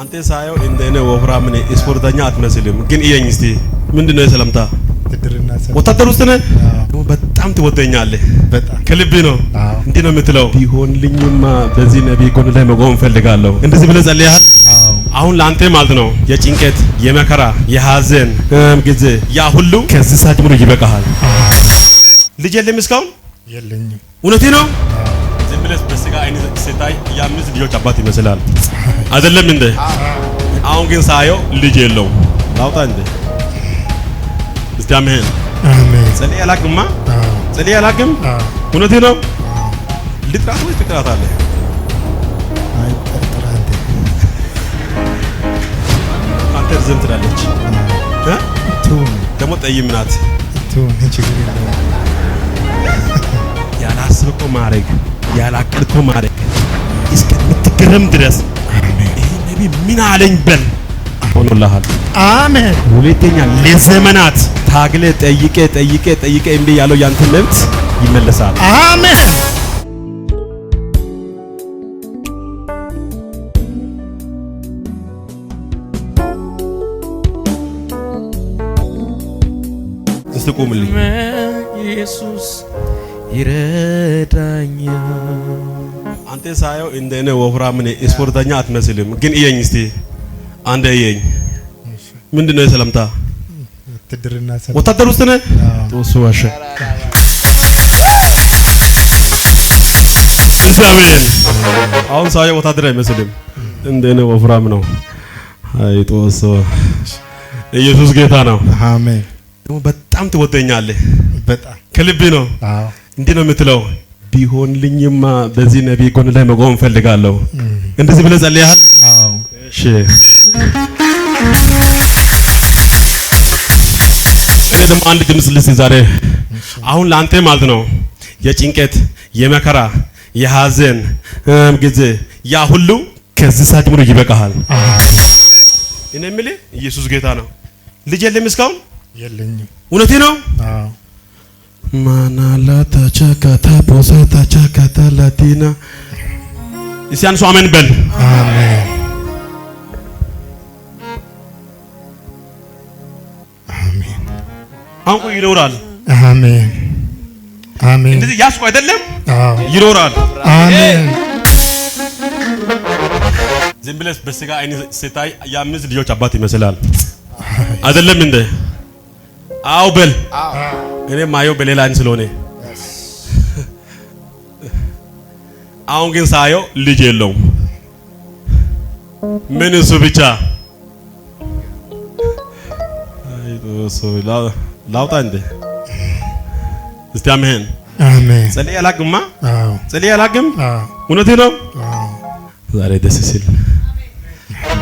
አንተ ሳየው እንደ እኔ ወፍራም ነህ፣ ስፖርተኛ አትመስልም። ግን እየኝ እስቲ ምንድነው የሰላምታ ወታደር ውስጥ ነህ? በጣም ትወደኛለህ። በጣም ከልብ ነው። እንዲህ ነው የምትለው። ቢሆንልኝማ በዚህ ነቢይ ጎን ላይ መቆም እፈልጋለሁ። እንደዚህ ብለህ ጸልያል። አሁን ለአንተ ማለት ነው የጭንቀት የመከራ የሀዘን ጊዜ ያ ሁሉ ከዚህ ሰዓት ጀምሮ ይበቃሃል። ልጅ የለም እስካሁን የለኝም። እውነቴ ነው። ስጋ አይነት ሲታይ የአምስት ልጆች አባት ይመስላል አይደለም እንዴ? አሁን ግን ሳየው ልጅ የለው ላውጣ እንዴ? እስቲ አሜን አሜን። ጸልዬ አላቅማ ጸልዬ አላቅም። እውነቴ ነው። ልጥራት ወይ ትጥራታለህ? አይ አንተ ዝም ትላለች። ደግሞ ጠይም ናት። ያላስብ እኮ ማረግ ያላቀድከው ማድረግ እስከምትገረም ድረስ ይህ ነቢ ምን አለኝ በል ሆኖልሃል። አሜን። ሁለተኛ ለዘመናት ታግለ ጠይቀ ጠይቀ ጠይቀ እምቢ ያለው ያንተ መብት ይመለሳል። አሜን። እስቲ ቁምልኝ ኢየሱስ ይረዳኛ አንተ ሳየው እንደኔ ወፍራም ነህ። ስፖርተኛ አትመስልም፣ ግን እየኝ እስቲ አንዴ እየኝ። ምንድነው የሰላምታ ወታደር ውስጥ ነህ? ጦሱ ዋሸ። እግዚአብሔር አሁን ሳየው ወታደር አይመስልም፣ እንደኔ ወፍራም ነው። አይ ጦሱ ኢየሱስ ጌታ ነው። አሜን። ደግሞ በጣም ትወደኛለህ፣ በጣም ከልቤ ነው። እንዲህ ነው የምትለው፣ ቢሆንልኝማ በዚህ ነቢይ ጎን ላይ መቆም እፈልጋለሁ። እንደዚህ ብለህ ጸልያል። እኔ ደግሞ አንድ ድምጽ ልስጥ ዛሬ አሁን ለአንተ ማለት ነው የጭንቀት የመከራ የሐዘን ጊዜ ያ ሁሉ ከዚህ ሰዓት ጀምሮ ይበቃሃል። እኔ የምልህ ኢየሱስ ጌታ ነው። ልጅ የለም እስካሁን የለኝም። እውነቴ ነው። ማናላታ ቸከታ ቦሳታ ቸከታ ላቲና እስቲ አንሱ አሜን በል። አሜን አሜን። አንቁ ይኖራል። አሜን አሜን። እንደዚህ ያስቆ አይደለም። አዎ ይኖራል። አሜን። ዝም ብለህ በስጋ አይን ስታይ የአምስት ልጆች አባት ይመስላል አይደለም እንደ አዎ በል እኔ ማየው በሌላ አይን ስለሆነ አሁን ግን ሳየው ልጅ የለውም። ምን እሱ ብቻ ላውጣ እንዴ? እስቲ አሜን አሜን። ጸልዬ አላግማ። አዎ ጸልዬ አላግም። እውነት እውነቴ ነው። ዛሬ ደስ ሲል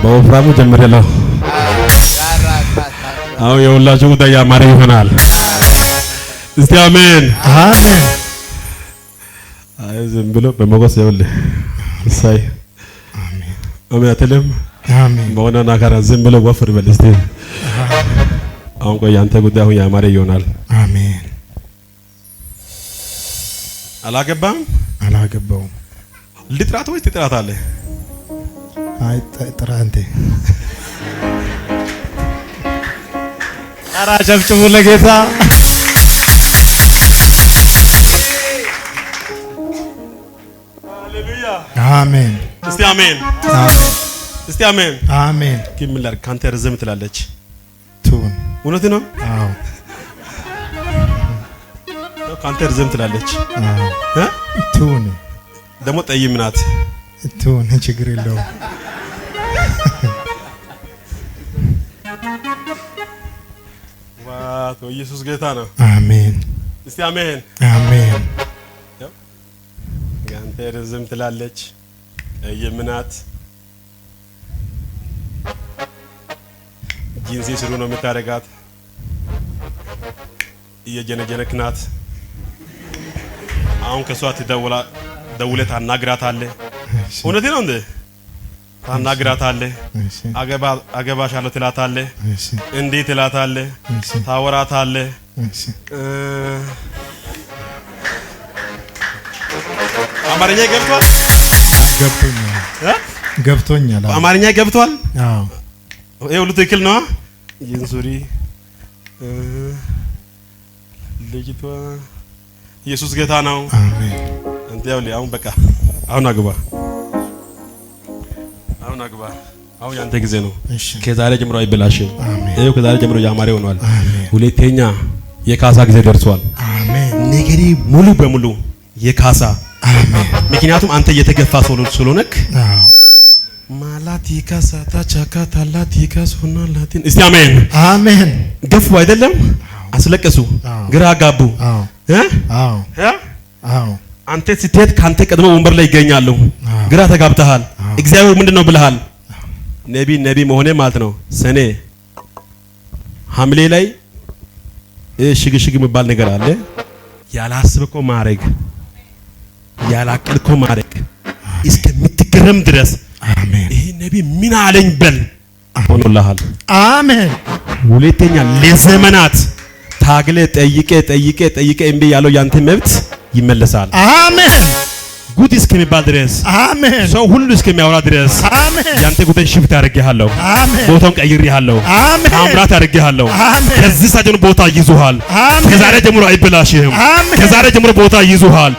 በወፍራሙ ጀምሬለሁ። አዎ የሁላችሁ ጉዳይ ያማረ ይሆናል። እስቲ አሜን አሜን። አይ ዝም ብሎ በመጎስ ይኸውልህ እሳይ አሜን አትልም በሆነ ነገር ዝም ብሎ ወፍር በል እስቲ። አሁን ቆይ አንተ ጉዳይ አሁን ያማረ ይሆናል። አሜን። አላገባም አላገባውም። ልጥራት ወይስ አይ ጥራ እንዴ ጨብጭቡ ለጌታ አሜን። እስቲ አሜን። አሜን። እስቲ አሜን። አሜን። ምን ላድርግ? ካንተ ረዘም ትላለች። ቱን እውነት ነው። አዎ ካንተ ረዘም ትላለች። አዎ ደግሞ ጠይም ናት። ቱን ችግር የለውም። ዋው ኢየሱስ ጌታ ነው። አሜን። እስቲ አሜን። አሜን። ያው ረዘም ትላለች። የምናት ጂንሴ ስሩ ነው የምታደርጋት። እየጀነጀነክ ናት። አሁን ከሷ ትደውላ ደውለህ ታናግራታለህ። እውነቴ ነው እንዴ? ታናግራታለህ። አገባ አገባሻለሁ ትላታለህ። እንዴት ትላታለህ። ታወራታለህ። አማርኛ ይገብቷል። ገብቶኛል በአማርኛ ገብቷል። አዎ ሁሉ ትክክል ነው። ልጅቷ ኢየሱስ ጌታ ነው። አሜን። አሁን በቃ አሁን አግባ፣ አሁን አግባ። አሁን ያንተ ጊዜ ነው። ከዛሬ ጀምሮ አይበላሽም። ይኸው ከዛሬ ጀምሮ ያማረ ሆኗል። ሁለተኛ የካሳ ጊዜ ደርሷል። ነገሬ ሙሉ በሙሉ የካሳ አሜን ምክንያቱም አንተ እየተገፋ ሰው ስለሆነክ ማላቲካ ሳታቻካ ታላቲካ ሶና ላቲን እስቲ አሜን አሜን። ገፉ አይደለም አስለቀሱ፣ ግራ ጋቡ አንተ ስትሄድ ካንተ ቀድሞ ወንበር ላይ ይገኛሉ። ግራ ተጋብተሃል። እግዚአብሔር ምንድን ነው ብለሃል? ነቢ ነቢ መሆኔ ማለት ነው። ሰኔ ሐምሌ ላይ ሽግሽግ የሚባል ነገር አለ። ያላስብኮ ማረግ ያላቀልኮ ማድረግ እስከምትገረም ድረስ አሜን። ይሄ ነቢይ ምን አለኝ በል ሆኖልሃል። አሜን። ሁለተኛ ለዘመናት ታግለ ጠይቄ ጠይቀ ጠይቀ እምቢ ያለው ያንተ መብት ይመለሳል። አሜን። ጉድ እስከሚባል ድረስ አሜን። ሰው ሁሉ እስከሚያወራ ድረስ አሜን። ያንተ ጉዳይ ሽፍት አድርጌሃለሁ፣ አሜን። ቦታውን ቀይሬሃለሁ፣ አሜን። ታምራት አድርጌሃለሁ። ከዚህ ሳጀኑ ቦታ ይዙሃል። ከዛሬ ጀምሮ አይበላሽህም። ከዛሬ ጀምሮ ቦታ ይዙሃል።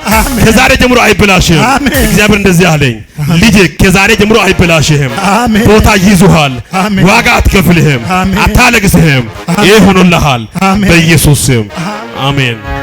ከዛሬ ጀምሮ አይበላሽህም። እግዚአብሔር እንደዚህ አለኝ፣ ልጅ ከዛሬ ጀምሮ አይበላሽህም። ቦታ ይዙሃል። ዋጋ አትከፍልህም፣ አታለቅስህም። ይህ ሆኖልሃል በኢየሱስ ስም አሜን።